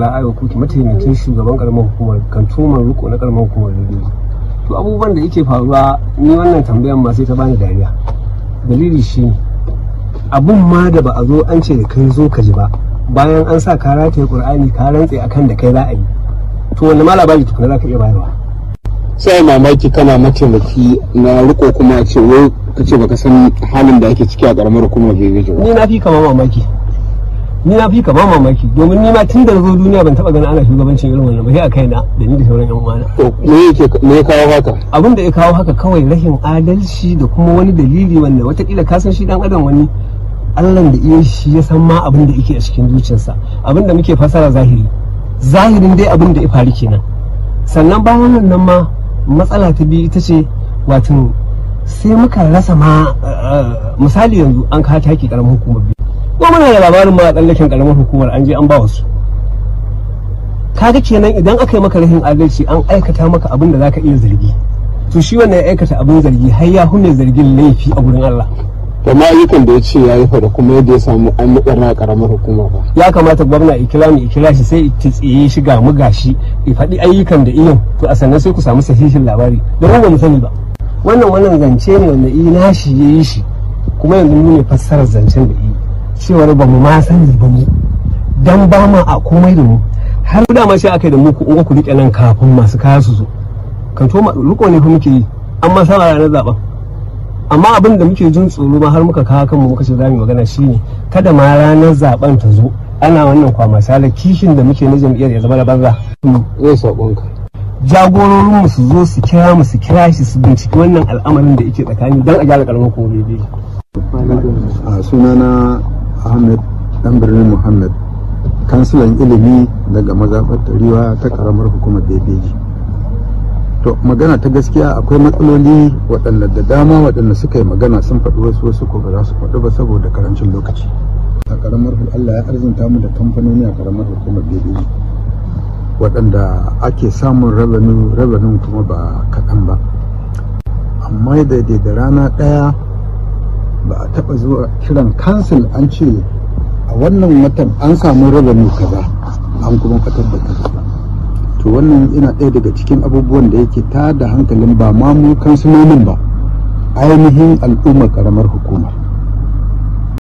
a yau kuki mataimakin shugaban karamar hukumar kan kantoman riko na karamar hukumar rediyo to abubuwan da yake faruwa ni wannan tambayan ma sai ta bani dariya dalili shi abun ma da ba a zo an ce da kai zo ka ji ba bayan an sa ka rataye qur'ani ka rantse akan da kai za a yi to wanda ma labari tukuna za ka iya bayarwa sai mamaki kana mataimaki na riko kuma ce wai ka ce baka san halin da ake ciki a karamar hukumar da ni na fi kama mamaki ni na fi ka ba mamaki domin ni ma tun da zo duniya ban taba ganin ana shugabancin irin wannan ba sai a kaina da ni da sauran yan uwana to me yake me ya kawo haka abin da ya kawo haka kawai rashin adalci da kuma wani dalili wanda watakila ka san shi dan adam wani Allah da iya shi ya san ma abin da yake a cikin zuciyarsa abin da muke fasara zahiri zahirin dai abin da ya faru kenan sannan bayan nan ma matsala ta biyu ita ce watan sai muka rasa ma misali yanzu an ka taki karamin hukumar ko muna da labarin ba a tsallaken karamar hukumar an je an ba wasu ga kenan idan aka yi maka rahin adalci an aikata maka abin da zaka iya zargi to shi wannan ya aikata abin zargi har ya hune zargin laifi a gurin Allah da ma ayyukan da ya ce ya yi fa kuma yadda ya samu an nuɗar na karamar hukuma ba ya kamata gwamna ikilami ikila shi sai ki tsiye shi ga mu gashi ki faɗi ayyukan da iyo to a sannan sai ku samu sahihin labari da ba mu sani ba wannan wannan zance ne wanda i nashi yayi shi kuma yanzu mu fassarar zancen da i cewar ba mu ma sani ba mu dan ba ma a komai da mu har da ma sai akai da mu ku uku ku rike nan kafin masu kaya su zo kan to ruko ne fa muke yi amma sa ranar zaben amma abin da muke jin tsoro ma har muka kawo kanmu muka ce za mu magana ne. kada ma ranar zaben ta zo ana wannan kwama sala kishin da muke na jam'iyyar ya zama da banza zai sakonka jagororin mu su zo su kira mu su kira shi su binciki wannan al'amarin da yake tsakani dan a gyara karamar kuma A sunana ahmed dan birnin muhammad kansilan ilimi daga mazaɓar tariwa ta karamar hukumar bebeji to magana ta gaskiya akwai matsaloli waɗanda da dama waɗanda suka yi magana sun faɗi wasu wasu ko ba su faɗi ba saboda karancin lokaci a karamar allah ya arzinta mu da kamfanoni a karamar hukumar bebeji waɗanda ake samun rabanin kuma ba kaɗan ba amma da da rana ɗaya ba a taɓa zuwa kiran kansil an ce a wannan watan an samu rabanu kaza an kuma fatar da kaza to wannan ina ɗaya daga cikin abubuwan da yake ta da hankalin ba ma mu ba ainihin al'ummar karamar hukumar